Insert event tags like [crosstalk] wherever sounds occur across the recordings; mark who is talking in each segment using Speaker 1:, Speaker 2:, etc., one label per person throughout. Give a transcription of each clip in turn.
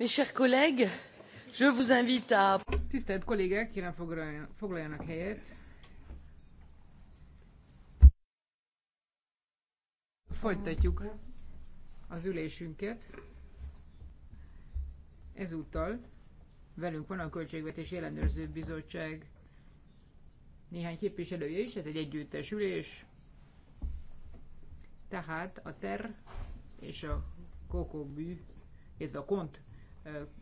Speaker 1: Mes chers collègues, je vous invite à... Tisztelt kollégák, kérem foglaljanak helyet. Folytatjuk az ülésünket. Ezúttal velünk van a Költségvetés Jelenőrző Bizottság néhány képviselője is, ez egy együttes ülés. Tehát a TER és a kokobű illetve a KONT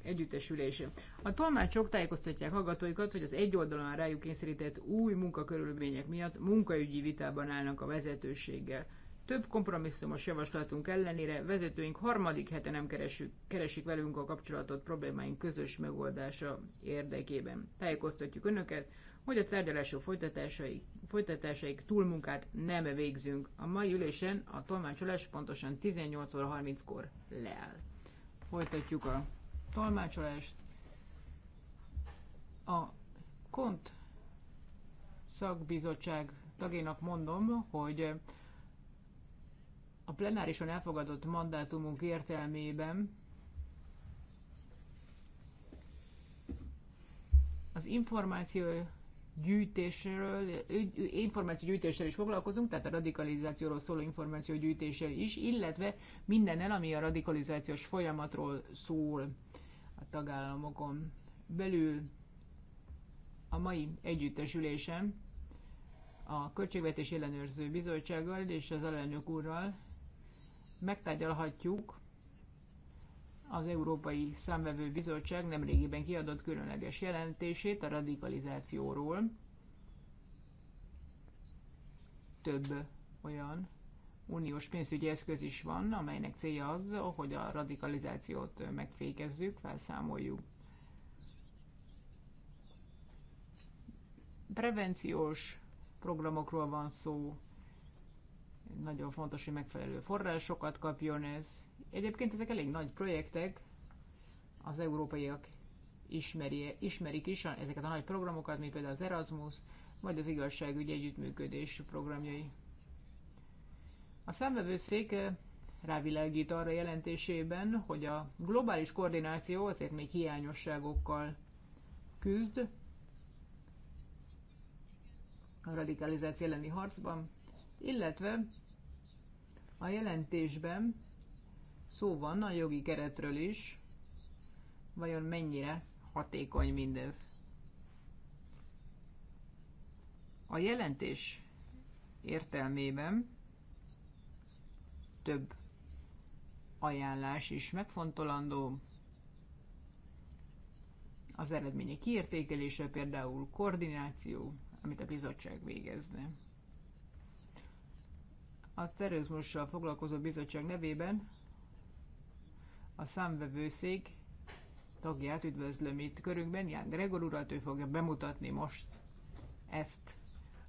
Speaker 1: együttesülése. A tolmácsok tájékoztatják hallgatóikat, hogy az egy oldalon rájuk kényszerített új munkakörülmények miatt munkaügyi vitában állnak a vezetőséggel. Több kompromisszumos javaslatunk ellenére vezetőink harmadik hete nem keresik, keresik velünk a kapcsolatot problémáink közös megoldása érdekében. Tájékoztatjuk Önöket, hogy a tárgyalások folytatásaik, folytatásaik túlmunkát nem végzünk. A mai ülésen a tolmácsolás pontosan 18 óra 30-kor leáll. Folytatjuk a tolmácsolást. A KONT szakbizottság tagjának mondom, hogy a plenárison elfogadott mandátumunk értelmében az információ gyűjtésről, információgyűjtéssel is foglalkozunk, tehát a radikalizációról szóló információgyűjtéssel is, illetve mindennel, ami a radikalizációs folyamatról szól a tagállamokon belül. A mai együttesülésem a Költségvetés Ellenőrző Bizottsággal és az alelnök úrral megtárgyalhatjuk az Európai Számvevő Bizottság nemrégiben kiadott különleges jelentését a radikalizációról. Több olyan uniós pénzügyi eszköz is van, amelynek célja az, hogy a radikalizációt megfékezzük, felszámoljuk. Prevenciós programokról van szó, nagyon fontos, hogy megfelelő forrásokat kapjon ez, Egyébként ezek elég nagy projektek, az európaiak ismeri, ismerik is ezeket a nagy programokat, mint például az Erasmus, vagy az igazságügyi együttműködés programjai. A számvevőszék eh, rávilágít arra jelentésében, hogy a globális koordináció azért még hiányosságokkal küzd a radikalizáció elleni harcban, illetve a jelentésben szó van a jogi keretről is, vajon mennyire hatékony mindez. A jelentés értelmében több ajánlás is megfontolandó. Az eredmények kiértékelése például koordináció, amit a bizottság végezne. A terrorizmussal foglalkozó bizottság nevében a számvevőszék tagját üdvözlöm itt körünkben, Ján Gregor urat, ő fogja bemutatni most ezt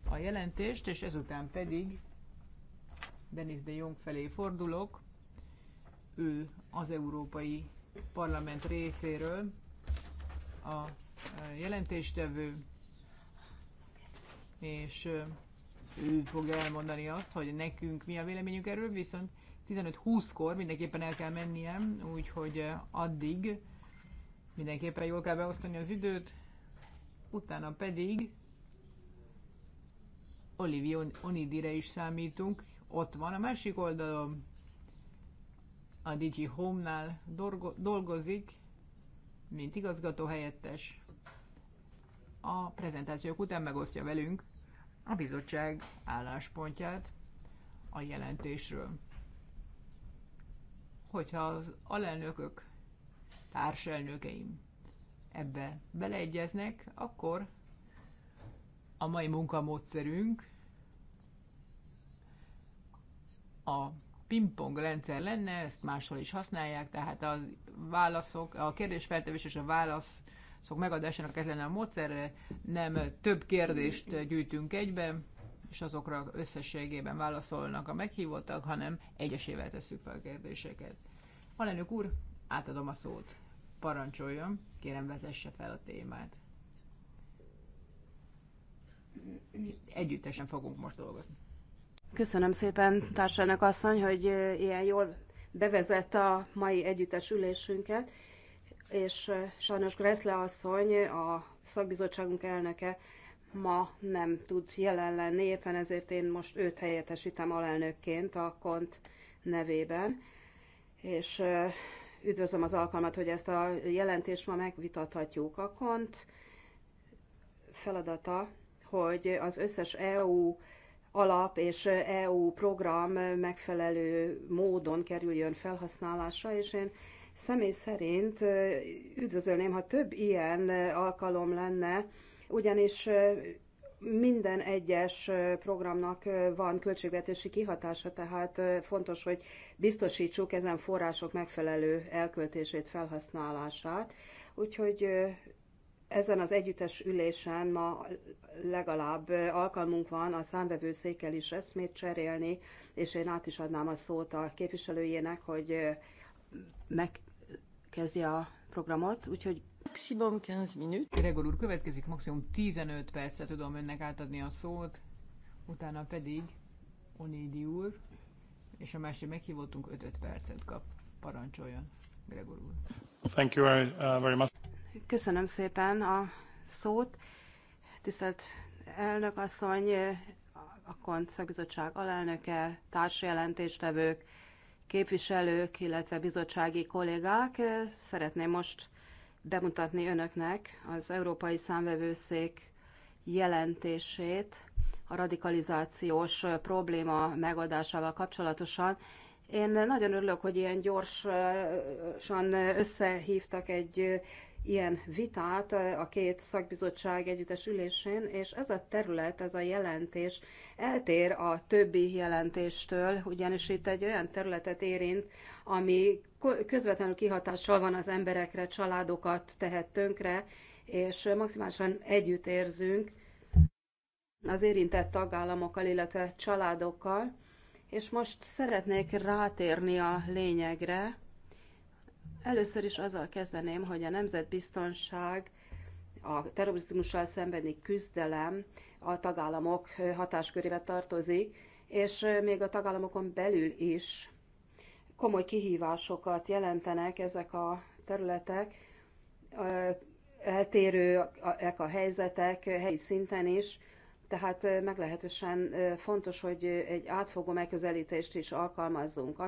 Speaker 1: a jelentést, és ezután pedig Denis de Jong felé fordulok, ő az Európai Parlament részéről a jelentéstevő, és ő fog elmondani azt, hogy nekünk mi a véleményünk erről, viszont 15-20-kor mindenképpen el kell mennie, úgyhogy eh, addig mindenképpen jól kell beosztani az időt, utána pedig Olivia Onidire is számítunk, ott van a másik oldalon, a Digi Home-nál dolgozik, mint igazgató helyettes. A prezentációk után megosztja velünk a bizottság álláspontját a jelentésről hogyha az alelnökök, társelnökeim ebbe beleegyeznek, akkor a mai munkamódszerünk a pingpong rendszer lenne, ezt máshol is használják, tehát a válaszok, a kérdésfeltevés és a válaszok megadásának ez lenne a módszerre, nem több kérdést gyűjtünk egyben, és azokra összességében válaszolnak a meghívottak, hanem egyesével tesszük fel a kérdéseket. Alelnök úr, átadom a szót. Parancsoljon, kérem vezesse fel a témát. Együttesen fogunk most dolgozni.
Speaker 2: Köszönöm szépen, társadalmak asszony, hogy ilyen jól bevezette a mai együttes ülésünket, és sajnos Greszle asszony, a szakbizottságunk elnöke ma nem tud jelen lenni, éppen ezért én most őt helyettesítem alelnökként a KONT nevében, és üdvözlöm az alkalmat, hogy ezt a jelentést ma megvitathatjuk. A KONT feladata, hogy az összes EU alap és EU program megfelelő módon kerüljön felhasználásra, és én személy szerint üdvözölném, ha több ilyen alkalom lenne, ugyanis minden egyes programnak van költségvetési kihatása, tehát fontos, hogy biztosítsuk ezen források megfelelő elköltését, felhasználását. Úgyhogy ezen az együttes ülésen ma legalább alkalmunk van a számvevőszékkel is eszmét cserélni, és én át is adnám a szót a képviselőjének, hogy megkezdje a programot, úgyhogy
Speaker 1: Maximum 15 minut. Gregor úr, következik maximum 15 percet, tudom önnek átadni a szót, utána pedig Onédi úr, és a másik meghívottunk 5-5 percet kap. Parancsoljon, Gregor úr. Thank you very, uh, very much.
Speaker 2: Köszönöm szépen a szót. Tisztelt elnök asszony, a KONT szakbizottság alelnöke, társjelentéstevők, képviselők, illetve bizottsági kollégák. Szeretném most bemutatni önöknek az Európai Számvevőszék jelentését a radikalizációs probléma megoldásával kapcsolatosan. Én nagyon örülök, hogy ilyen gyorsan összehívtak egy ilyen vitát a két szakbizottság együttes ülésén, és ez a terület, ez a jelentés eltér a többi jelentéstől, ugyanis itt egy olyan területet érint, ami közvetlenül kihatással van az emberekre, családokat tehet tönkre, és maximálisan együtt érzünk az érintett tagállamokkal, illetve családokkal. És most szeretnék rátérni a lényegre, Először is azzal kezdeném, hogy a nemzetbiztonság, a terrorizmussal szembeni küzdelem a tagállamok hatáskörébe tartozik, és még a tagállamokon belül is komoly kihívásokat jelentenek ezek a területek, eltérőek a helyzetek helyi szinten is, tehát meglehetősen fontos, hogy egy átfogó megközelítést is alkalmazzunk.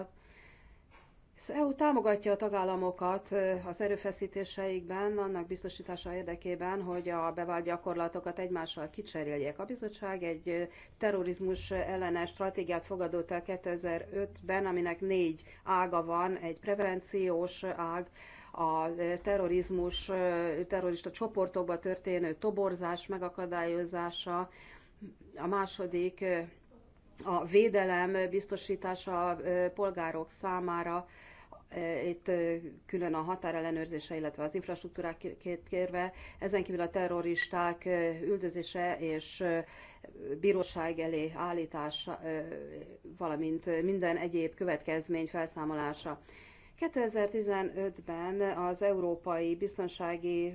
Speaker 2: Az EU támogatja a tagállamokat az erőfeszítéseikben, annak biztosítása érdekében, hogy a bevált gyakorlatokat egymással kicseréljék. A bizottság egy terrorizmus ellenes stratégiát fogadott el 2005-ben, aminek négy ága van, egy prevenciós ág, a terrorizmus, terrorista csoportokba történő toborzás megakadályozása, a második a védelem biztosítása a polgárok számára, itt külön a határellenőrzése, illetve az két kérve, ezen kívül a terroristák üldözése és bíróság elé állítása, valamint minden egyéb következmény felszámolása. 2015-ben az Európai Biztonsági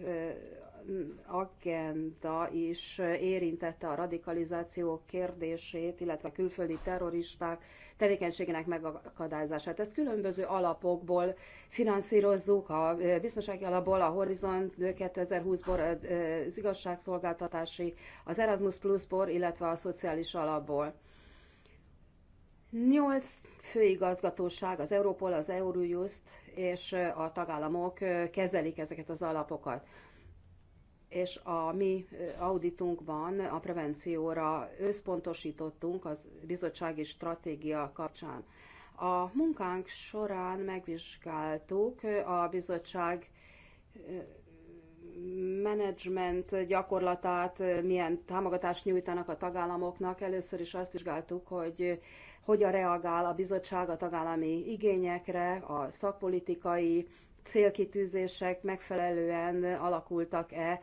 Speaker 2: agenda is érintette a radikalizáció kérdését, illetve a külföldi terroristák tevékenységének megakadályzását. Ezt különböző alapokból finanszírozzuk, a biztonsági alapból, a Horizon 2020-ból, az igazságszolgáltatási, az Erasmus Plus-ból, illetve a szociális alapból. Nyolc főigazgatóság, az Európol, az Eurojust és a tagállamok kezelik ezeket az alapokat és a mi auditunkban a prevencióra összpontosítottunk az bizottsági stratégia kapcsán. A munkánk során megvizsgáltuk a bizottság menedzsment gyakorlatát, milyen támogatást nyújtanak a tagállamoknak. Először is azt vizsgáltuk, hogy hogyan reagál a bizottság a tagállami igényekre, a szakpolitikai célkitűzések megfelelően alakultak-e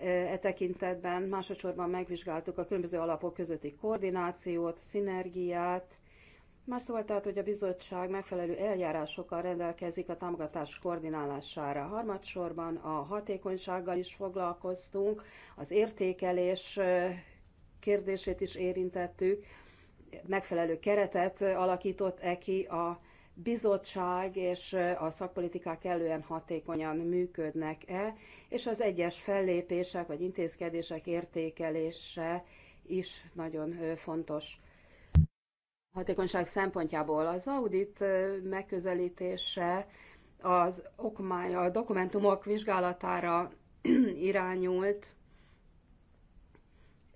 Speaker 2: e, e tekintetben. Másodszorban megvizsgáltuk a különböző alapok közötti koordinációt, szinergiát, Más szóval tehát, hogy a bizottság megfelelő eljárásokkal rendelkezik a támogatás koordinálására. Harmadsorban a hatékonysággal is foglalkoztunk, az értékelés e, kérdését is érintettük, megfelelő keretet alakított e ki a bizottság és a szakpolitikák elően hatékonyan működnek-e, és az egyes fellépések vagy intézkedések értékelése is nagyon fontos. A hatékonyság szempontjából az audit megközelítése az okmány, a dokumentumok vizsgálatára [clears throat] irányult,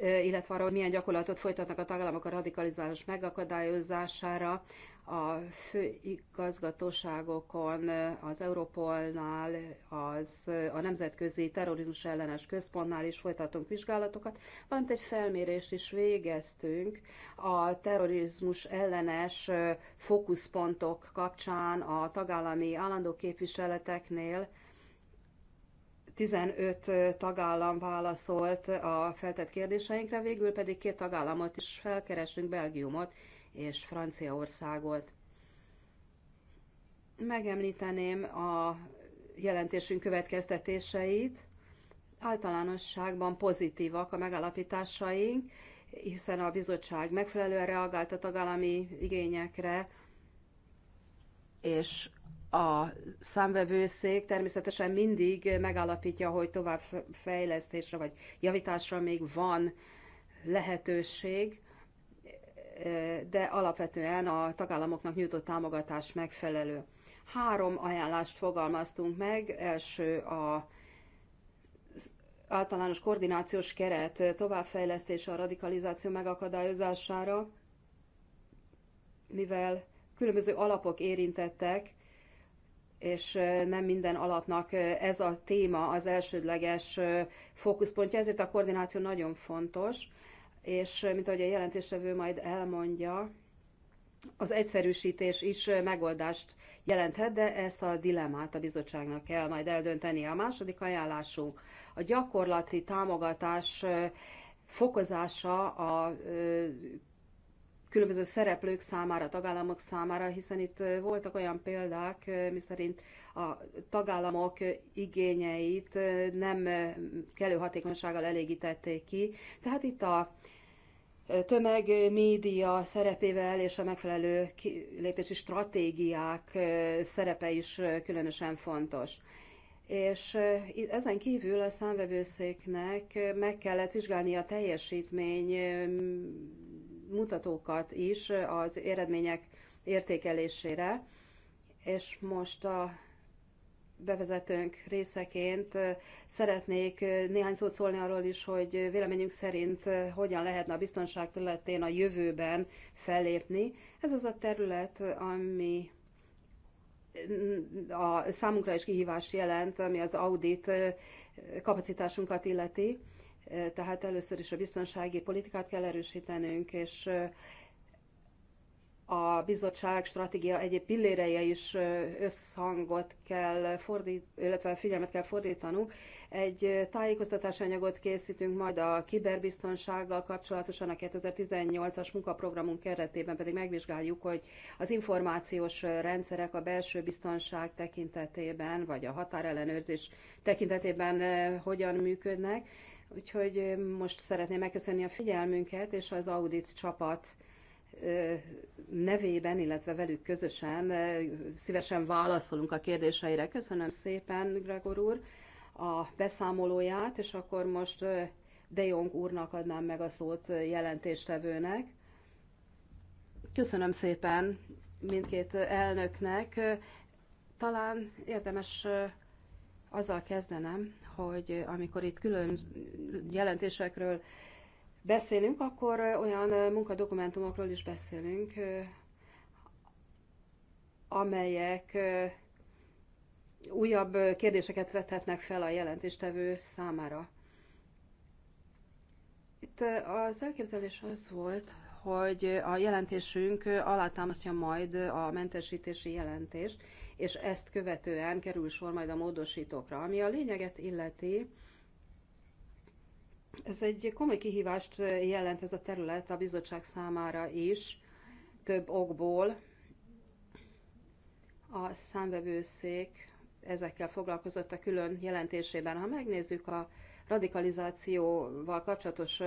Speaker 2: illetve arra, hogy milyen gyakorlatot folytatnak a tagállamok a radikalizálás megakadályozására, a főigazgatóságokon, az Európolnál, az, a Nemzetközi Terrorizmus Ellenes Központnál is folytatunk vizsgálatokat, valamint egy felmérést is végeztünk a terrorizmus ellenes fókuszpontok kapcsán a tagállami állandó képviseleteknél, 15 tagállam válaszolt a feltett kérdéseinkre, végül pedig két tagállamot is felkerestünk, Belgiumot és Franciaországot. Megemlíteném a jelentésünk következtetéseit. Általánosságban pozitívak a megállapításaink, hiszen a bizottság megfelelően reagált a tagállami igényekre, és a számvevőszék természetesen mindig megállapítja, hogy tovább fejlesztésre vagy javításra még van lehetőség, de alapvetően a tagállamoknak nyújtott támogatás megfelelő. Három ajánlást fogalmaztunk meg. Első a általános koordinációs keret továbbfejlesztése a radikalizáció megakadályozására, mivel különböző alapok érintettek, és nem minden alapnak ez a téma az elsődleges fókuszpontja, ezért a koordináció nagyon fontos, és mint ahogy a jelentéstevő majd elmondja, az egyszerűsítés is megoldást jelenthet, de ezt a dilemmát a bizottságnak kell majd eldönteni. A második ajánlásunk a gyakorlati támogatás fokozása a különböző szereplők számára, tagállamok számára, hiszen itt voltak olyan példák, miszerint a tagállamok igényeit nem kellő hatékonysággal elégítették ki. Tehát itt a tömeg média szerepével és a megfelelő lépési stratégiák szerepe is különösen fontos. És ezen kívül a számvevőszéknek meg kellett vizsgálni a teljesítmény mutatókat is az eredmények értékelésére, és most a bevezetőnk részeként szeretnék néhány szót szólni arról is, hogy véleményünk szerint hogyan lehetne a biztonság területén a jövőben fellépni. Ez az a terület, ami a számunkra is kihívást jelent, ami az audit kapacitásunkat illeti. Tehát először is a biztonsági politikát kell erősítenünk, és a bizottság stratégia egyéb pilléreje is összhangot kell fordít, illetve figyelmet kell fordítanunk. Egy tájékoztatási anyagot készítünk majd a kiberbiztonsággal kapcsolatosan a 2018-as munkaprogramunk keretében pedig megvizsgáljuk, hogy az információs rendszerek a belső biztonság tekintetében, vagy a határellenőrzés tekintetében hogyan működnek, Úgyhogy eh, most szeretném megköszönni a figyelmünket, és az audit csapat eh, nevében, illetve velük közösen eh, szívesen válaszolunk a kérdéseire. Köszönöm szépen, Gregor úr, a beszámolóját, és akkor most De Jong úrnak adnám meg a szót jelentéstevőnek. Köszönöm szépen mindkét elnöknek. Talán érdemes azzal kezdenem, hogy amikor itt külön jelentésekről beszélünk, akkor olyan munkadokumentumokról is beszélünk, amelyek újabb kérdéseket vethetnek fel a jelentéstevő számára. Itt az elképzelés az volt, hogy a jelentésünk alátámasztja majd a mentesítési jelentést, és ezt követően kerül sor majd a módosítókra. Ami a lényeget illeti, ez egy komoly kihívást jelent ez a terület a bizottság számára is, több okból. A számvevőszék ezekkel foglalkozott a külön jelentésében. Ha megnézzük a radikalizációval kapcsolatos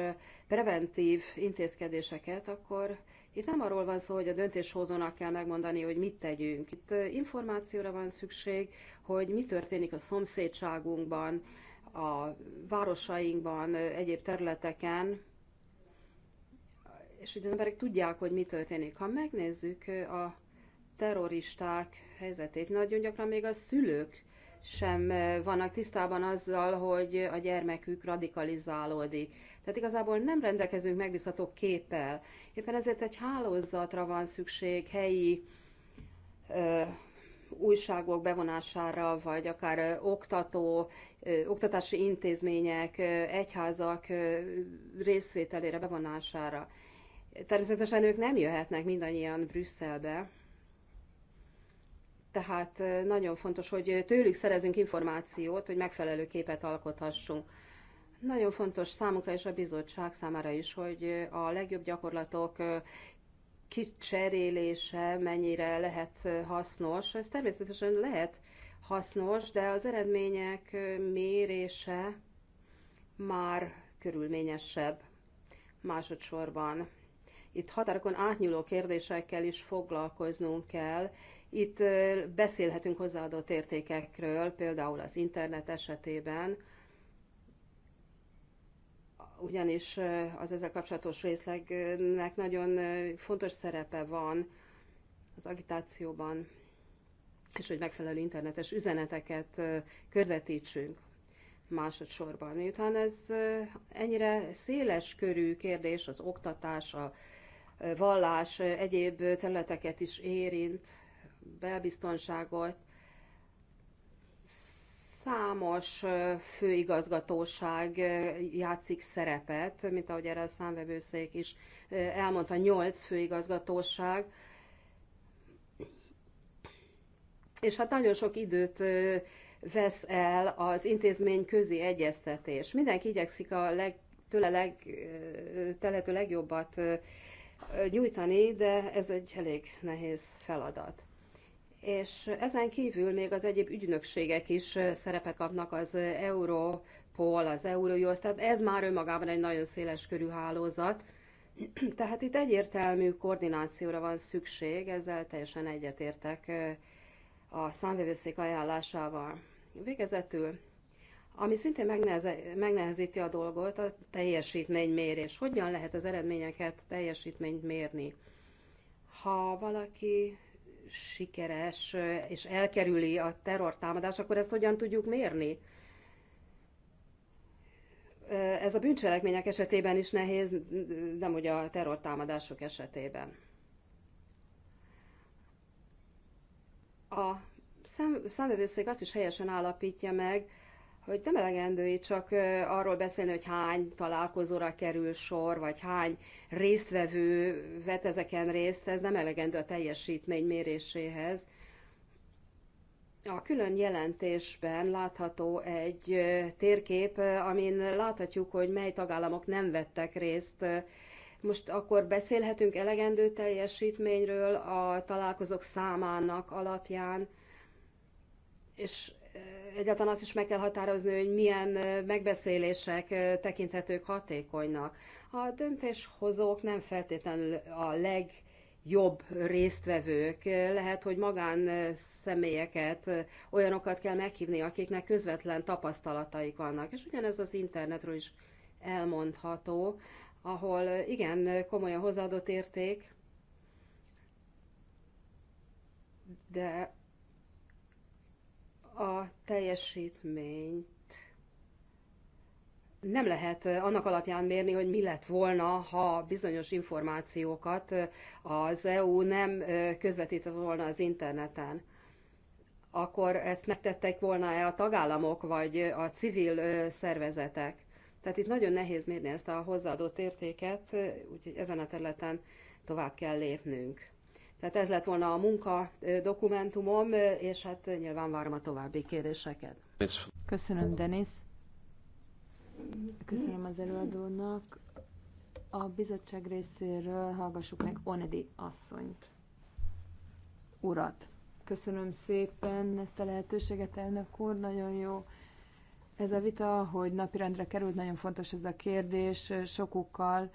Speaker 2: preventív intézkedéseket, akkor itt nem arról van szó, hogy a döntéshozónak kell megmondani, hogy mit tegyünk. Itt információra van szükség, hogy mi történik a szomszédságunkban, a városainkban, egyéb területeken, és hogy az emberek tudják, hogy mi történik. Ha megnézzük a terroristák helyzetét, nagyon gyakran még a szülők sem vannak tisztában azzal, hogy a gyermekük radikalizálódik. Tehát igazából nem rendelkezünk megbízható képpel. Éppen ezért egy hálózatra van szükség, helyi ö, újságok bevonására, vagy akár oktató, ö, oktatási intézmények, ö, egyházak ö, részvételére bevonására. Természetesen ők nem jöhetnek mindannyian Brüsszelbe, tehát nagyon fontos, hogy tőlük szerezünk információt, hogy megfelelő képet alkothassunk. Nagyon fontos számukra és a bizottság számára is, hogy a legjobb gyakorlatok kicserélése mennyire lehet hasznos. Ez természetesen lehet hasznos, de az eredmények mérése már körülményesebb másodszorban. Itt határokon átnyúló kérdésekkel is foglalkoznunk kell. Itt beszélhetünk hozzáadott értékekről, például az internet esetében, ugyanis az ezzel kapcsolatos részlegnek nagyon fontos szerepe van az agitációban, és hogy megfelelő internetes üzeneteket közvetítsünk másodszorban. Miután ez ennyire széles körű kérdés, az oktatás, a vallás, egyéb területeket is érint, belbiztonságot. Számos főigazgatóság játszik szerepet, mint ahogy erre a számvevőszék is elmondta, nyolc főigazgatóság, és hát nagyon sok időt vesz el az intézmény közi egyeztetés. Mindenki igyekszik a leg, tőle leg, telető legjobbat nyújtani, de ez egy elég nehéz feladat. És ezen kívül még az egyéb ügynökségek is szerepet kapnak az Europol, az Eurojust, tehát ez már önmagában egy nagyon széles körű hálózat, [clears throat] tehát itt egyértelmű koordinációra van szükség, ezzel teljesen egyetértek a számvevőszék ajánlásával. Végezetül ami szintén megnehezíti a dolgot, a teljesítménymérés. Hogyan lehet az eredményeket, teljesítményt mérni? Ha valaki sikeres és elkerüli a terrortámadást, akkor ezt hogyan tudjuk mérni? Ez a bűncselekmények esetében is nehéz, nem ugye a terrortámadások esetében. A szem, azt is helyesen állapítja meg, hogy nem elegendő itt csak arról beszélni, hogy hány találkozóra kerül sor, vagy hány résztvevő vet ezeken részt, ez nem elegendő a teljesítmény méréséhez. A külön jelentésben látható egy térkép, amin láthatjuk, hogy mely tagállamok nem vettek részt. Most akkor beszélhetünk elegendő teljesítményről a találkozók számának alapján, és egyáltalán azt is meg kell határozni, hogy milyen megbeszélések tekinthetők hatékonynak. A döntéshozók nem feltétlenül a legjobb résztvevők. Lehet, hogy magán személyeket, olyanokat kell meghívni, akiknek közvetlen tapasztalataik vannak. És ugyanez az internetről is elmondható, ahol igen, komolyan hozzáadott érték, de a teljesítményt nem lehet annak alapján mérni, hogy mi lett volna, ha bizonyos információkat az EU nem közvetített volna az interneten. Akkor ezt megtettek volna-e a tagállamok vagy a civil szervezetek? Tehát itt nagyon nehéz mérni ezt a hozzáadott értéket, úgyhogy ezen a területen tovább kell lépnünk. Tehát ez lett volna a munka dokumentumom, és hát nyilván várom a további kéréseket.
Speaker 3: Köszönöm, Denis. Köszönöm az előadónak. A bizottság részéről hallgassuk meg Onedi asszonyt, urat. Köszönöm szépen ezt a lehetőséget, elnök úr, nagyon jó ez a vita, hogy napirendre került, nagyon fontos ez a kérdés, sokukkal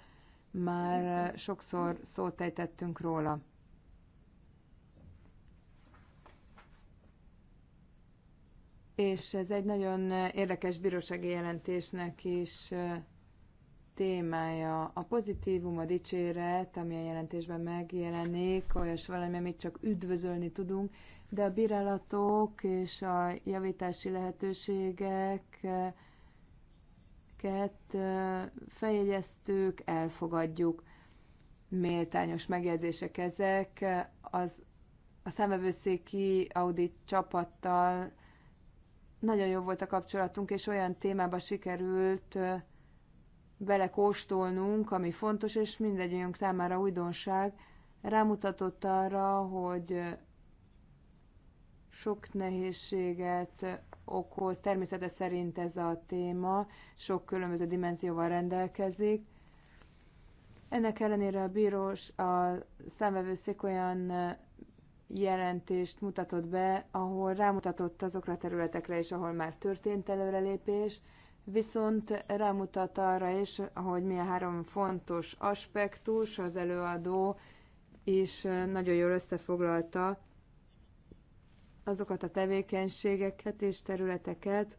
Speaker 3: már sokszor szót ejtettünk róla. és ez egy nagyon eh, érdekes bírósági jelentésnek is eh, témája. A pozitívum, a dicséret, ami a jelentésben megjelenik, olyas valami, amit csak üdvözölni tudunk, de a bírálatok és a javítási lehetőségek eh, feljegyeztük, elfogadjuk. Méltányos megjegyzések ezek. Az, a szemevőszéki audit csapattal nagyon jó volt a kapcsolatunk, és olyan témába sikerült belekóstolnunk, ami fontos, és mindegyünk számára újdonság. Rámutatott arra, hogy sok nehézséget okoz. Természete szerint ez a téma sok különböző dimenzióval rendelkezik. Ennek ellenére a bírós, a számvevőszék olyan jelentést mutatott be, ahol rámutatott azokra a területekre is, ahol már történt előrelépés, viszont rámutat arra is, hogy milyen három fontos aspektus az előadó is nagyon jól összefoglalta azokat a tevékenységeket és területeket,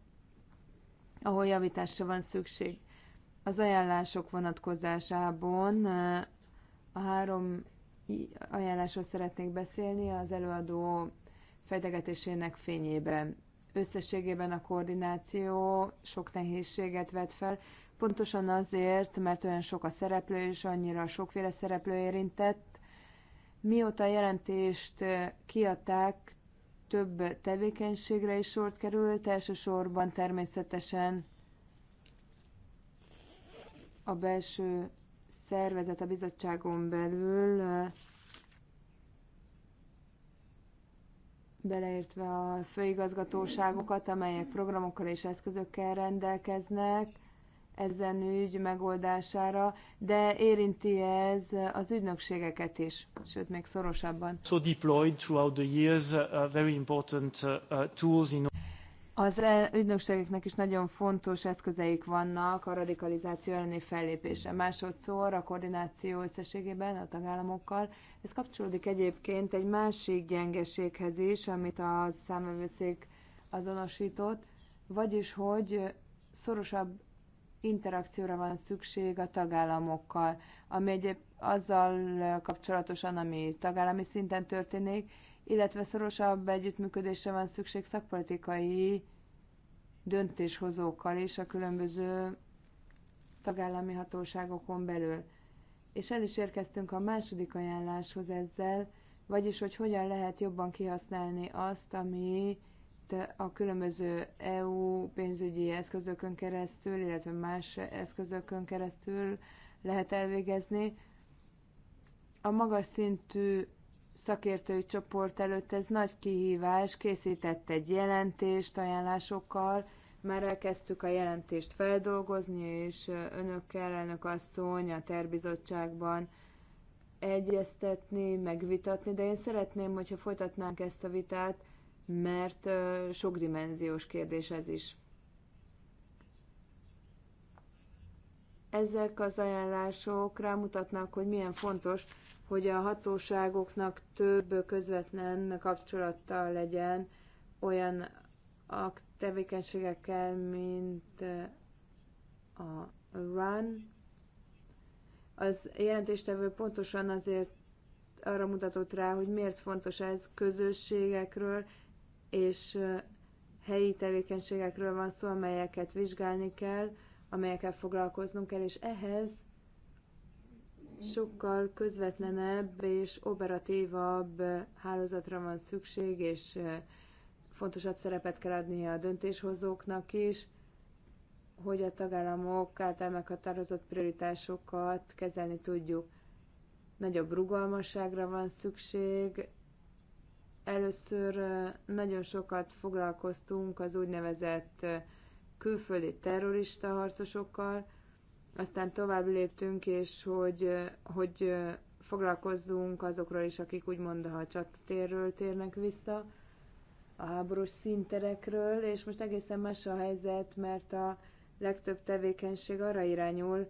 Speaker 3: ahol javításra van szükség. Az ajánlások vonatkozásában a három ajánlásról szeretnék beszélni az előadó fejtegetésének fényében. Összességében a koordináció sok nehézséget vet fel, pontosan azért, mert olyan sok a szereplő és annyira sokféle szereplő érintett. Mióta a jelentést kiadták, több tevékenységre is sort került, elsősorban természetesen a belső szervezet a bizottságon belül, beleértve a főigazgatóságokat, amelyek programokkal és eszközökkel rendelkeznek ezen ügy megoldására, de érinti ez az ügynökségeket is, sőt még szorosabban. So deployed throughout the years uh, very
Speaker 1: important uh, uh tools in
Speaker 3: az e- ügynökségeknek is nagyon fontos eszközeik vannak a radikalizáció elleni fellépése. Másodszor a koordináció összességében a tagállamokkal. Ez kapcsolódik egyébként egy másik gyengeséghez is, amit a számövőszék azonosított, vagyis hogy szorosabb interakcióra van szükség a tagállamokkal, ami egyéb azzal kapcsolatosan, ami tagállami szinten történik, illetve szorosabb együttműködésre van szükség szakpolitikai döntéshozókkal és a különböző tagállami hatóságokon belül. És el is érkeztünk a második ajánláshoz ezzel, vagyis hogy hogyan lehet jobban kihasználni azt, ami a különböző EU pénzügyi eszközökön keresztül, illetve más eszközökön keresztül lehet elvégezni. A magas szintű szakértői csoport előtt ez nagy kihívás, készített egy jelentést ajánlásokkal, már elkezdtük a jelentést feldolgozni, és önökkel, elnök asszony a terbizottságban egyeztetni, megvitatni, de én szeretném, hogyha folytatnánk ezt a vitát, mert sokdimenziós kérdés ez is. Ezek az ajánlások rámutatnak, hogy milyen fontos, hogy a hatóságoknak több közvetlen kapcsolattal legyen olyan tevékenységekkel, mint eh, a RUN. Az jelentéstevő pontosan azért arra mutatott rá, hogy miért fontos ez közösségekről és eh, helyi tevékenységekről van szó, amelyeket vizsgálni kell, amelyekkel foglalkoznunk kell, és ehhez sokkal közvetlenebb és operatívabb hálózatra van szükség, és fontosabb szerepet kell adni a döntéshozóknak is, hogy a tagállamok által meghatározott prioritásokat kezelni tudjuk. Nagyobb rugalmasságra van szükség. Először nagyon sokat foglalkoztunk az úgynevezett külföldi terrorista harcosokkal, aztán tovább léptünk, és hogy, hogy foglalkozzunk azokról is, akik úgymond a csatatérről térnek vissza, a háborús szinterekről, és most egészen más a helyzet, mert a legtöbb tevékenység arra irányul,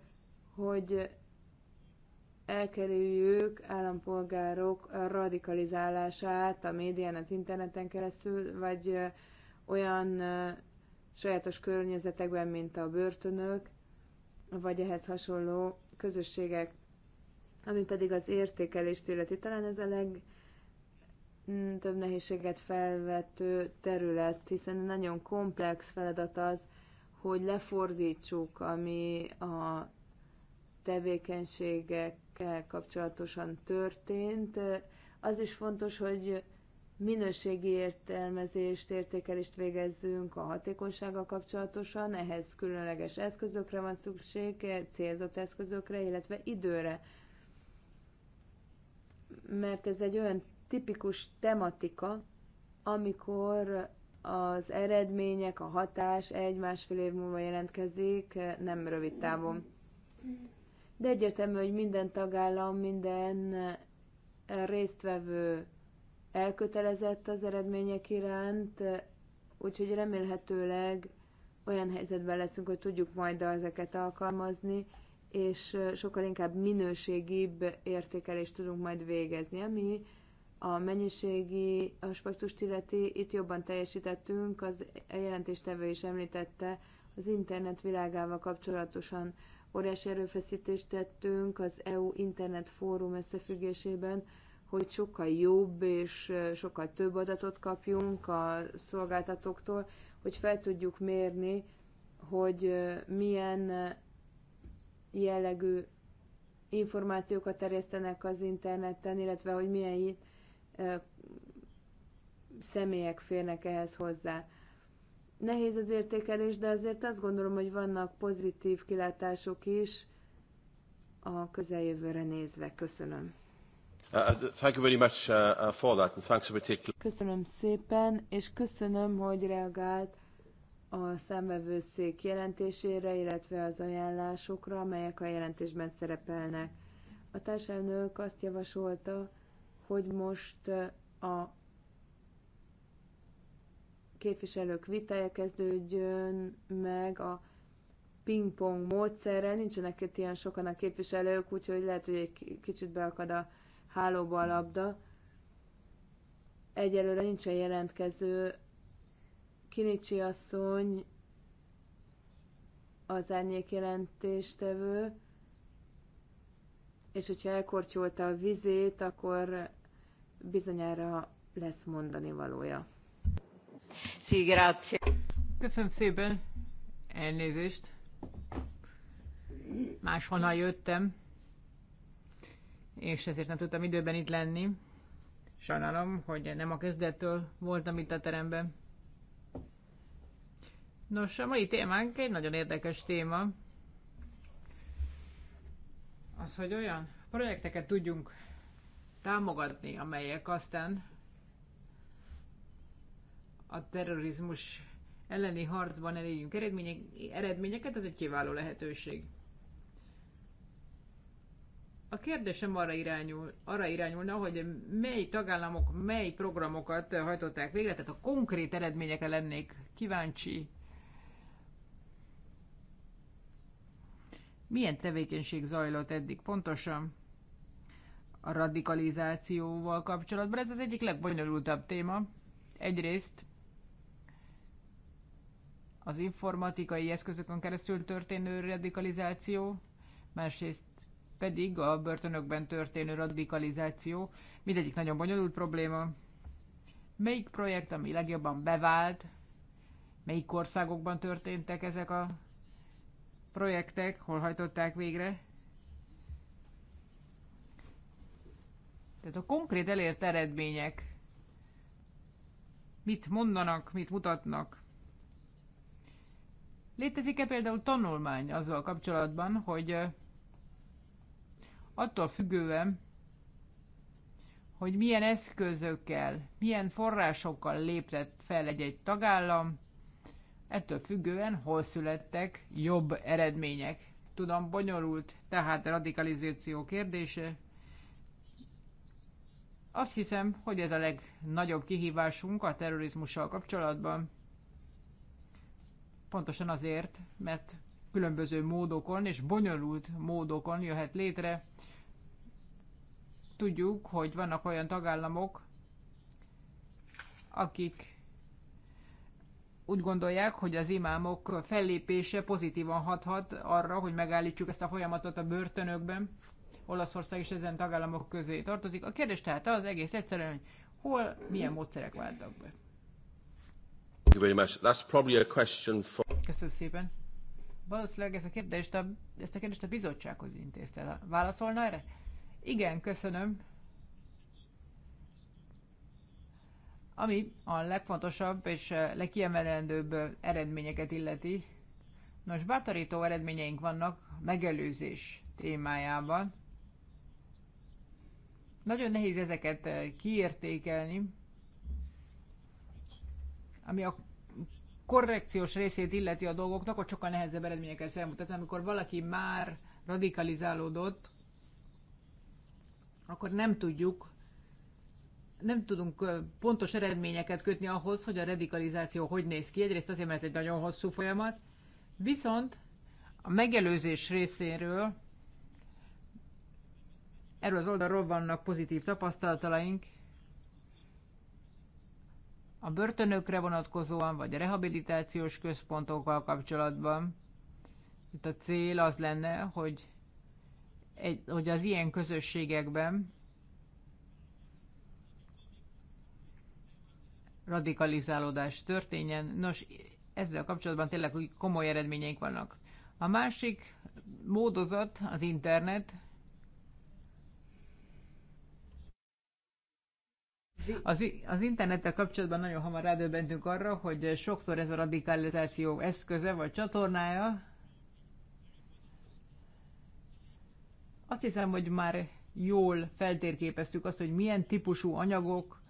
Speaker 3: hogy elkerüljük állampolgárok radikalizálását a médián, az interneten keresztül, vagy olyan sajátos környezetekben, mint a börtönök, vagy ehhez hasonló közösségek, ami pedig az értékelést illeti. Talán ez a legtöbb mm, nehézséget felvető terület, hiszen nagyon komplex feladat az, hogy lefordítsuk, ami a tevékenységekkel kapcsolatosan történt. Az is fontos, hogy minőségi értelmezést, értékelést végezzünk a hatékonysággal kapcsolatosan, ehhez különleges eszközökre van szükség, célzott eszközökre, illetve időre. Mert ez egy olyan tipikus tematika, amikor az eredmények, a hatás egy-másfél év múlva jelentkezik, nem rövid távon. De egyértelmű, hogy minden tagállam, minden résztvevő elkötelezett az eredmények iránt, úgyhogy remélhetőleg olyan helyzetben leszünk, hogy tudjuk majd ezeket alkalmazni, és sokkal inkább minőségibb értékelést tudunk majd végezni, ami a mennyiségi aspektust illeti, itt jobban teljesítettünk, az a jelentéstevő is említette, az internet világával kapcsolatosan óriási erőfeszítést tettünk az EU internet fórum összefüggésében, hogy sokkal jobb és sokkal több adatot kapjunk a szolgáltatóktól, hogy fel tudjuk mérni, hogy milyen jellegű információkat terjesztenek az interneten, illetve hogy milyen személyek férnek ehhez hozzá. Nehéz az értékelés, de azért azt gondolom, hogy vannak pozitív kilátások is a közeljövőre nézve. Köszönöm. Köszönöm szépen, és köszönöm, hogy reagált a számvevőszék jelentésére, illetve az ajánlásokra, amelyek a jelentésben szerepelnek. A társelnök azt javasolta, hogy most uh, a képviselők vitája kezdődjön meg a pingpong módszerrel. Nincsenek itt ilyen sokan a képviselők, úgyhogy lehet, hogy egy kicsit beakad a hálóba a labda. Egyelőre nincsen jelentkező. Kinicsi asszony az árnyék jelentéstevő, és hogyha elkortyolta a vizét, akkor bizonyára lesz mondani valója.
Speaker 1: Sí, grazie. Köszönöm szépen. Elnézést. Máshonnan jöttem és ezért nem tudtam időben itt lenni. Sajnálom, hogy nem a kezdettől voltam itt a teremben. Nos, a mai témánk egy nagyon érdekes téma. Az, hogy olyan projekteket tudjunk támogatni, amelyek aztán a terrorizmus elleni harcban elérjünk eredmények, eredményeket, ez egy kiváló lehetőség. A kérdésem arra, irányul, arra irányulna, hogy mely tagállamok mely programokat hajtották végre, tehát a konkrét eredményekre lennék kíváncsi. Milyen tevékenység zajlott eddig pontosan a radikalizációval kapcsolatban? Ez az egyik legbonyolultabb téma. Egyrészt az informatikai eszközökön keresztül történő radikalizáció, másrészt pedig a börtönökben történő radikalizáció. Mindegyik nagyon bonyolult probléma. Melyik projekt, ami legjobban bevált, melyik országokban történtek ezek a projektek, hol hajtották végre? Tehát a konkrét elért eredmények mit mondanak, mit mutatnak? Létezik-e például tanulmány azzal kapcsolatban, hogy attól függően, hogy milyen eszközökkel, milyen forrásokkal lépett fel egy-egy tagállam, ettől függően hol születtek jobb eredmények. Tudom, bonyolult, tehát a radikalizáció kérdése. Azt hiszem, hogy ez a legnagyobb kihívásunk a terrorizmussal kapcsolatban. Pontosan azért, mert különböző módokon és bonyolult módokon jöhet létre. Tudjuk, hogy vannak olyan tagállamok, akik úgy gondolják, hogy az imámok fellépése pozitívan hathat arra, hogy megállítsuk ezt a folyamatot a börtönökben. Olaszország is ezen tagállamok közé tartozik. A kérdés tehát az egész egyszerűen, hogy hol milyen módszerek váltak be. Köszönöm szépen valószínűleg ezt a kérdést a, ezt a, kérdést a bizottsághoz intézte. Válaszolna erre? Igen, köszönöm. Ami a legfontosabb és legkiemelendőbb eredményeket illeti, nos, bátorító eredményeink vannak megelőzés témájában. Nagyon nehéz ezeket kiértékelni, ami a korrekciós részét illeti a dolgoknak, akkor sokkal nehezebb eredményeket felmutatni. Amikor valaki már radikalizálódott, akkor nem tudjuk, nem tudunk pontos eredményeket kötni ahhoz, hogy a radikalizáció hogy néz ki. Egyrészt azért, mert ez egy nagyon hosszú folyamat, viszont a megelőzés részéről erről az oldalról vannak pozitív tapasztalataink, a börtönökre vonatkozóan, vagy a rehabilitációs központokkal kapcsolatban. Itt a cél az lenne, hogy, egy, hogy az ilyen közösségekben radikalizálódás történjen. Nos, ezzel kapcsolatban tényleg komoly eredményeink vannak. A másik módozat az internet, Az, az internettel kapcsolatban nagyon hamar rádöbbentünk arra, hogy sokszor ez a radikalizáció eszköze vagy csatornája. Azt hiszem, hogy már jól feltérképeztük azt, hogy milyen típusú anyagok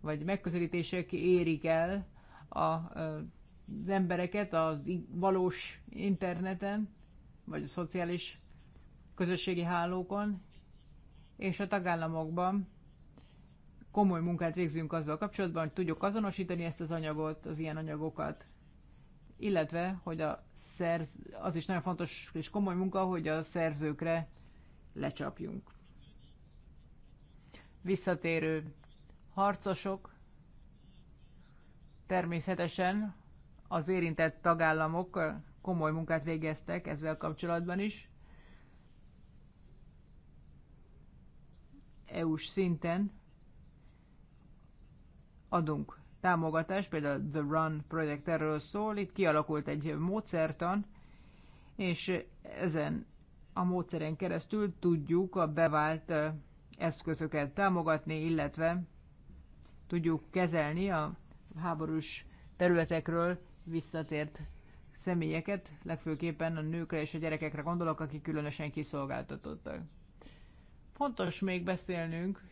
Speaker 1: vagy megközelítések érik el a, az embereket az valós interneten, vagy a szociális közösségi hálókon, és a tagállamokban komoly munkát végzünk azzal kapcsolatban, hogy tudjuk azonosítani ezt az anyagot, az ilyen anyagokat, illetve, hogy a szerz, az is nagyon fontos és komoly munka, hogy a szerzőkre lecsapjunk. Visszatérő harcosok, természetesen az érintett tagállamok komoly munkát végeztek ezzel kapcsolatban is. EU-s szinten adunk támogatást, például a The Run projekt erről szól, itt kialakult egy módszertan, és ezen a módszeren keresztül tudjuk a bevált eszközöket támogatni, illetve tudjuk kezelni a háborús területekről visszatért személyeket, legfőképpen a nőkre és a gyerekekre gondolok, akik különösen kiszolgáltatottak. Fontos még beszélnünk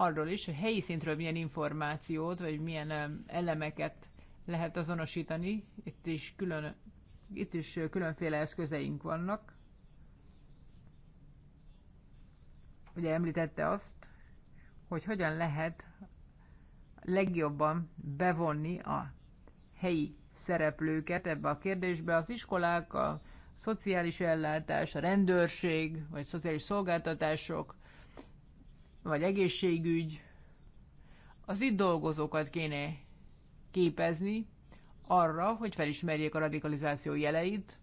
Speaker 1: arról is, hogy helyi szintről milyen információt, vagy milyen elemeket lehet azonosítani. Itt is, külön, itt is különféle eszközeink vannak. Ugye említette azt, hogy hogyan lehet legjobban bevonni a helyi szereplőket ebbe a kérdésbe. Az iskolák, a szociális ellátás, a rendőrség, vagy szociális szolgáltatások, vagy egészségügy, az itt dolgozókat kéne képezni arra, hogy felismerjék a radikalizáció jeleit,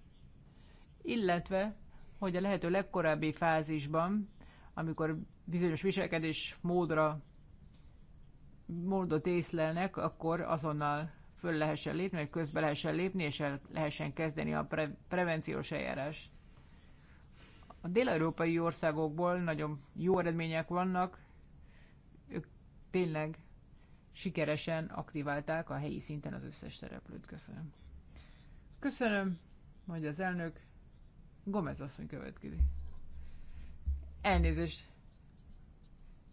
Speaker 1: illetve, hogy a lehető legkorábbi fázisban, amikor bizonyos viselkedés módra módot észlelnek, akkor azonnal föl lehessen lépni, vagy közbe lehessen lépni, és el lehessen kezdeni a pre- prevenciós eljárást. A dél-európai országokból nagyon jó eredmények vannak, ők tényleg sikeresen aktiválták a helyi szinten az összes szereplőt. Köszönöm. Köszönöm, hogy az elnök. Gomez asszony következik. Elnézést.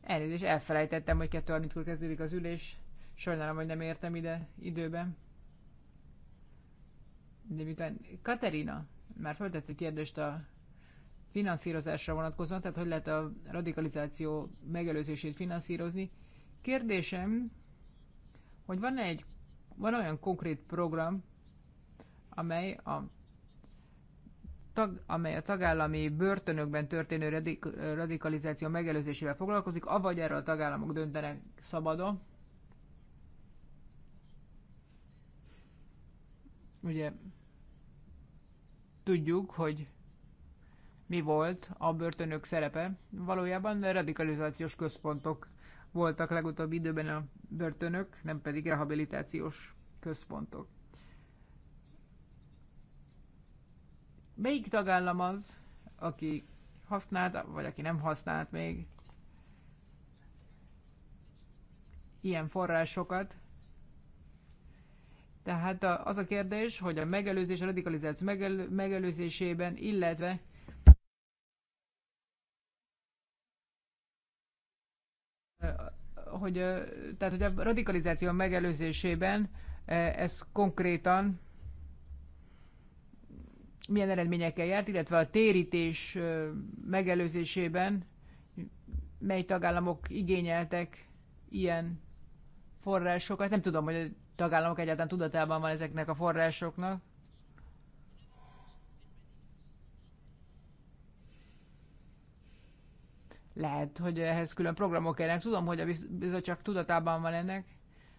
Speaker 1: Elnézést, elfelejtettem, hogy 2.30-kor kezdődik az ülés. Sajnálom, hogy nem értem ide időben. De miután Katerina már feltette kérdést a finanszírozásra vonatkozóan, tehát hogy lehet a radikalizáció megelőzését finanszírozni. Kérdésem, hogy van -e egy van olyan konkrét program, amely a Tag, amely a tagállami börtönökben történő radik, radikalizáció megelőzésével foglalkozik, avagy erről a tagállamok döntenek szabadon. Ugye tudjuk, hogy mi volt a börtönök szerepe. Valójában radikalizációs központok voltak legutóbbi időben a börtönök, nem pedig rehabilitációs központok. Melyik tagállam az, aki használt, vagy aki nem használt még ilyen forrásokat? Tehát az a kérdés, hogy a megelőzés, a radikalizáció megelőzésében, illetve hogy, tehát, hogy a radikalizáció megelőzésében ez konkrétan milyen eredményekkel járt, illetve a térítés megelőzésében mely tagállamok igényeltek ilyen forrásokat. Nem tudom, hogy a tagállamok egyáltalán tudatában van ezeknek a forrásoknak. Lehet, hogy ehhez külön programok kellene. Tudom, hogy a bizottság tudatában van ennek.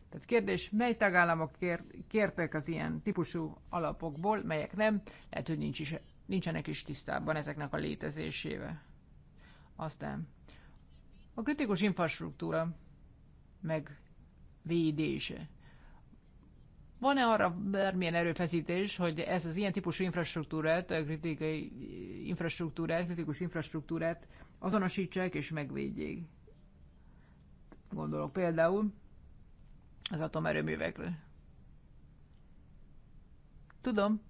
Speaker 1: Tehát kérdés, mely tagállamok kér, kértek az ilyen típusú alapokból, melyek nem? Lehet, hogy nincs is, nincsenek is tisztában ezeknek a létezésével. Aztán a kritikus infrastruktúra meg védése. Van-e arra bármilyen erőfeszítés, hogy ez az ilyen típusú infrastruktúrát, kritikai infrastruktúrát, kritikus infrastruktúrát azonosítsák és megvédjék? Gondolok például az atomerőművekre. Tudom,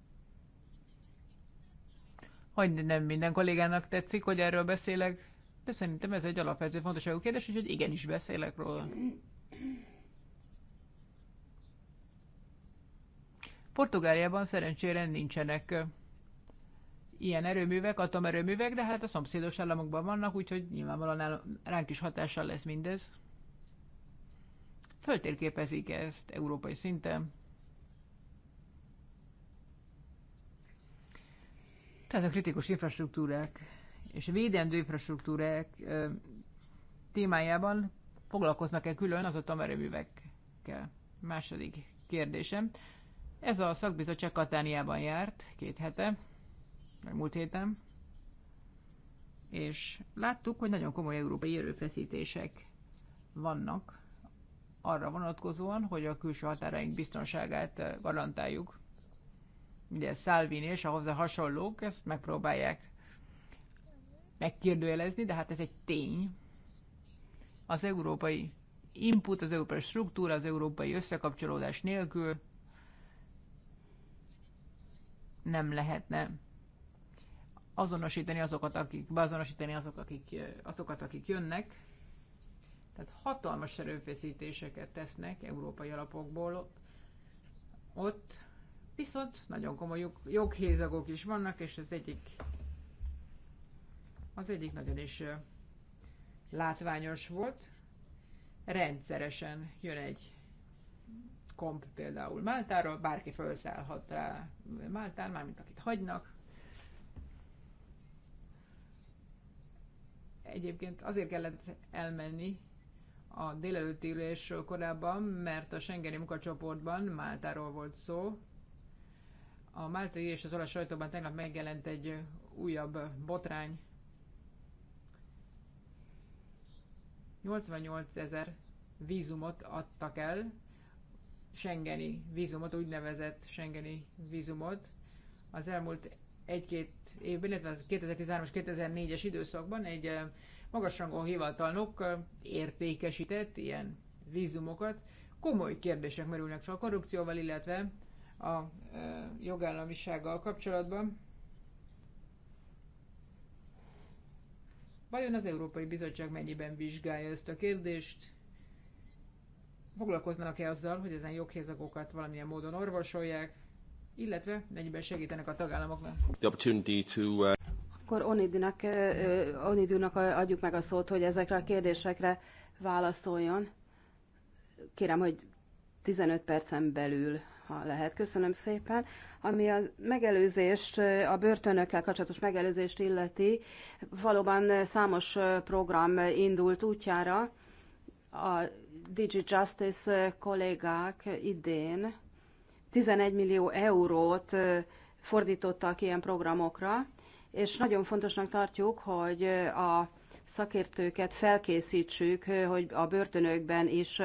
Speaker 1: hogy nem minden kollégának tetszik, hogy erről beszélek, de szerintem ez egy alapvető fontosságú kérdés, úgyhogy igenis beszélek róla. Portugáliában szerencsére nincsenek ilyen erőművek, atomerőművek, de hát a szomszédos államokban vannak, úgyhogy nyilvánvalóan ránk is hatással lesz mindez. Föltérképezik ezt európai szinten. Tehát a kritikus infrastruktúrák és védendő infrastruktúrák témájában foglalkoznak-e külön az atomerőművekkel? Második kérdésem. Ez a szakbizottság Katániában járt két hete, vagy múlt héten, és láttuk, hogy nagyon komoly európai erőfeszítések vannak arra vonatkozóan, hogy a külső határaink biztonságát eh, garantáljuk. Ugye Salvini és ahhoz a hasonlók ezt megpróbálják megkérdőjelezni, de hát ez egy tény. Az európai input, az európai struktúra, az európai összekapcsolódás nélkül nem lehetne azonosítani azokat, akik, beazonosítani azok, akik, azokat, akik jönnek. Tehát hatalmas erőfeszítéseket tesznek európai alapokból ott, viszont nagyon komoly jog, joghézagok is vannak, és az egyik az egyik nagyon is látványos volt. Rendszeresen jön egy komp például Máltára, bárki felszállhat rá Máltán, mármint akit hagynak. Egyébként azért kellett elmenni a délelőtti ülés korábban, mert a Schengeni munkacsoportban Máltáról volt szó. A máltai és az olasz sajtóban tegnap megjelent egy újabb botrány. 88 ezer vízumot adtak el Schengeni vízumot, úgynevezett Schengeni vízumot. Az elmúlt egy-két évben, illetve az 2013-as 2004-es időszakban egy eh, magasrangú hivatalnok eh, értékesített ilyen vízumokat. Komoly kérdések merülnek fel a korrupcióval, illetve a eh, jogállamisággal kapcsolatban. Vajon az Európai Bizottság mennyiben vizsgálja ezt a kérdést? foglalkoznak-e azzal, hogy ezen joghézagokat valamilyen módon orvosolják, illetve mennyiben segítenek a tagállamoknak.
Speaker 2: Uh, Akkor Onidűnak, uh, Onidűnak adjuk meg a szót, hogy ezekre a kérdésekre válaszoljon. Kérem, hogy 15 percen belül, ha lehet. Köszönöm szépen. Ami a megelőzést, a börtönökkel kapcsolatos megelőzést illeti, valóban számos program indult útjára a Digi Justice eh, kollégák idén 11 millió eurót eh, fordítottak ilyen programokra, és nagyon fontosnak tartjuk, hogy eh, a szakértőket felkészítsük, hogy a börtönökben is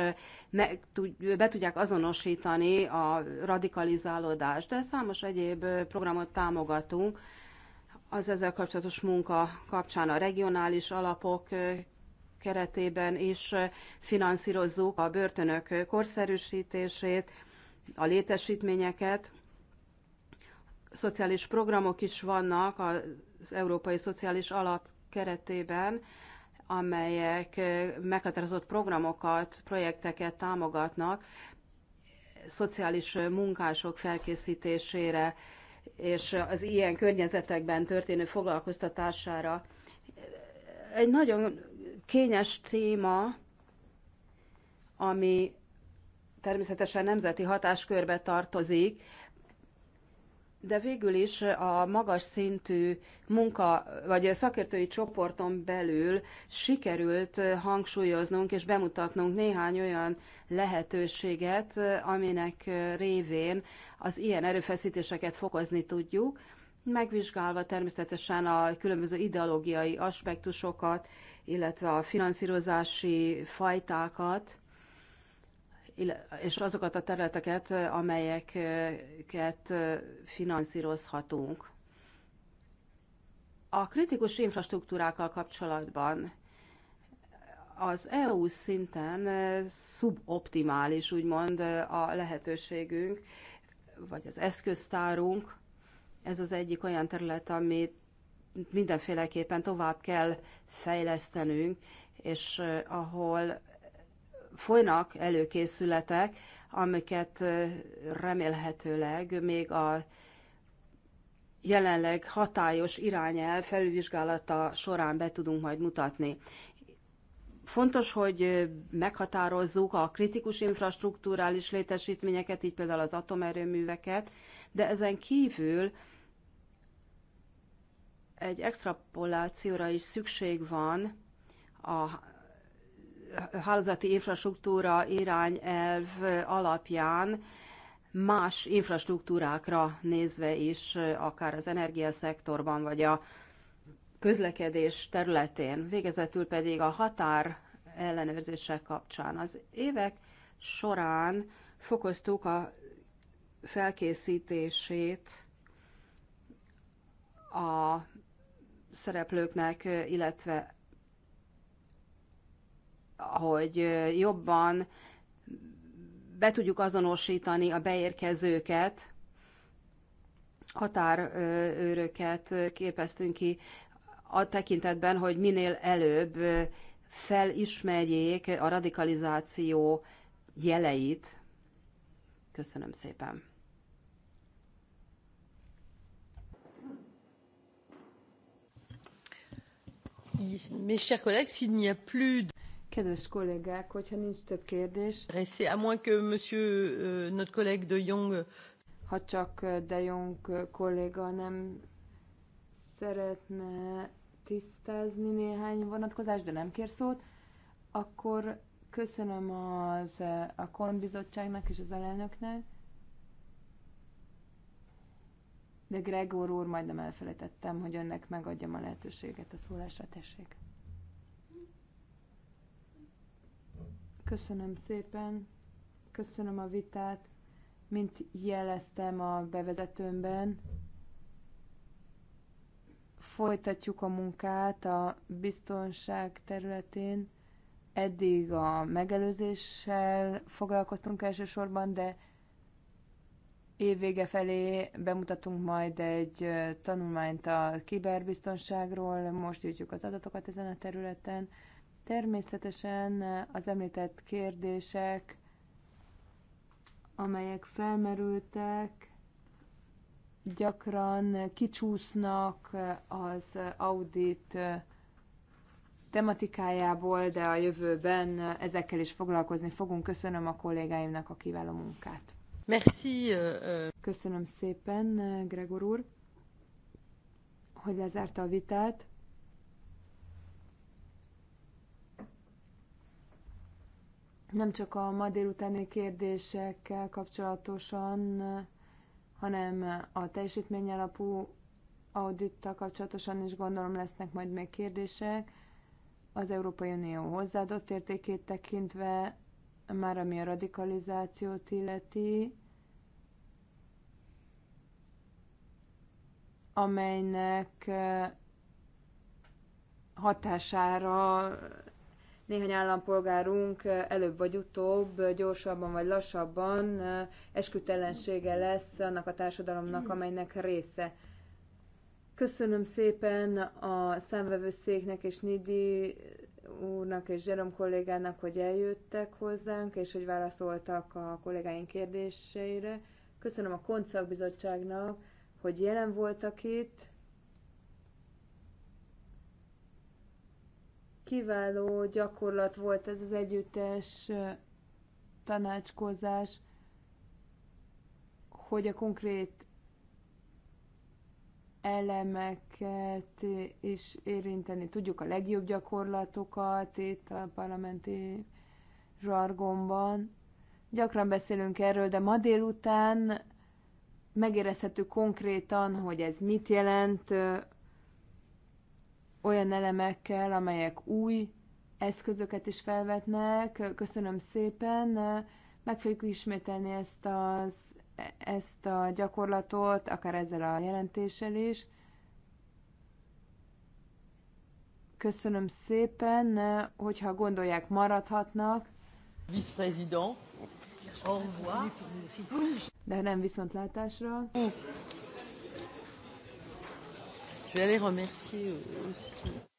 Speaker 2: be tudják azonosítani a radikalizálódást, de számos egyéb programot támogatunk az ezzel kapcsolatos munka kapcsán a regionális alapok keretében is finanszírozzuk a börtönök korszerűsítését, a létesítményeket. Szociális programok is vannak az Európai Szociális Alap keretében, amelyek meghatározott programokat, projekteket támogatnak, szociális munkások felkészítésére és az ilyen környezetekben történő foglalkoztatására. Egy nagyon kényes téma, ami természetesen nemzeti hatáskörbe tartozik, de végül is a magas szintű munka vagy szakértői csoporton belül sikerült hangsúlyoznunk és bemutatnunk néhány olyan lehetőséget, aminek révén az ilyen erőfeszítéseket fokozni tudjuk, megvizsgálva természetesen a különböző ideológiai aspektusokat, illetve a finanszírozási fajtákat, és azokat a területeket, amelyeket finanszírozhatunk. A kritikus infrastruktúrákkal kapcsolatban az EU szinten szuboptimális, úgymond a lehetőségünk, vagy az eszköztárunk, ez az egyik olyan terület, amit mindenféleképpen tovább kell fejlesztenünk, és eh, ahol folynak előkészületek, amiket eh, remélhetőleg még a jelenleg hatályos irányel felülvizsgálata során be tudunk majd mutatni. Fontos, hogy eh, meghatározzuk a kritikus infrastruktúrális létesítményeket, így például az atomerőműveket, de ezen kívül egy extrapolációra is szükség van a hálózati infrastruktúra irányelv alapján más infrastruktúrákra nézve is, akár az energiaszektorban, vagy a közlekedés területén, végezetül pedig a határ ellenőrzések kapcsán. Az évek során fokoztuk a felkészítését a szereplőknek, illetve hogy jobban be tudjuk azonosítani a beérkezőket, határőröket képeztünk ki a tekintetben, hogy minél előbb felismerjék a radikalizáció jeleit. Köszönöm szépen.
Speaker 3: Mes chers collègues, s'il n'y a plus de... Kedves kollégák, hogyha nincs több kérdés. À moins que monsieur, euh, notre collègue de Jong... Euh, ha csak euh, de Jong kolléga nem szeretne tisztázni néhány vonatkozást, de nem kér szót, akkor köszönöm az, a konbizottságnak és az elnöknek. De Gregor úr, majdnem elfelejtettem, hogy önnek megadjam a lehetőséget a szólásra, tessék. Köszönöm szépen, köszönöm a vitát, mint jeleztem a bevezetőmben. Folytatjuk a munkát a biztonság területén. Eddig a megelőzéssel foglalkoztunk elsősorban, de évvége felé bemutatunk majd egy tanulmányt a kiberbiztonságról, most gyűjtjük az adatokat ezen a területen. Természetesen az említett kérdések, amelyek felmerültek, gyakran kicsúsznak az audit tematikájából, de a jövőben ezekkel is foglalkozni fogunk. Köszönöm a kollégáimnak a kiváló munkát. Merci. Euh, euh. Köszönöm szépen, Gregor úr, hogy lezárta a vitát. Nem csak a ma délutáni kérdésekkel kapcsolatosan, hanem a teljesítmény alapú audittal kapcsolatosan is gondolom lesznek majd még kérdések. Az Európai Unió hozzáadott értékét tekintve már ami a radikalizációt illeti, amelynek hatására néhány állampolgárunk előbb vagy utóbb, gyorsabban vagy lassabban eskütelensége lesz annak a társadalomnak, amelynek része. Köszönöm szépen a számvevőszéknek és Nidi úrnak és Jerome kollégának, hogy eljöttek hozzánk, és hogy válaszoltak a kollégáink kérdéseire. Köszönöm a Koncakbizottságnak, hogy jelen voltak itt. Kiváló gyakorlat volt ez az együttes tanácskozás, hogy a konkrét elemeket is érinteni. Tudjuk a legjobb gyakorlatokat itt a parlamenti zsargonban. Gyakran beszélünk erről, de ma délután megérezhető konkrétan, hogy ez mit jelent olyan elemekkel, amelyek új eszközöket is felvetnek. Köszönöm szépen. Meg fogjuk ismételni ezt az ezt a gyakorlatot, akár ezzel a jelentéssel is. Köszönöm szépen, hogyha gondolják, maradhatnak. vice president au revoir. De nem viszontlátásra. Je vais aller remercier aussi.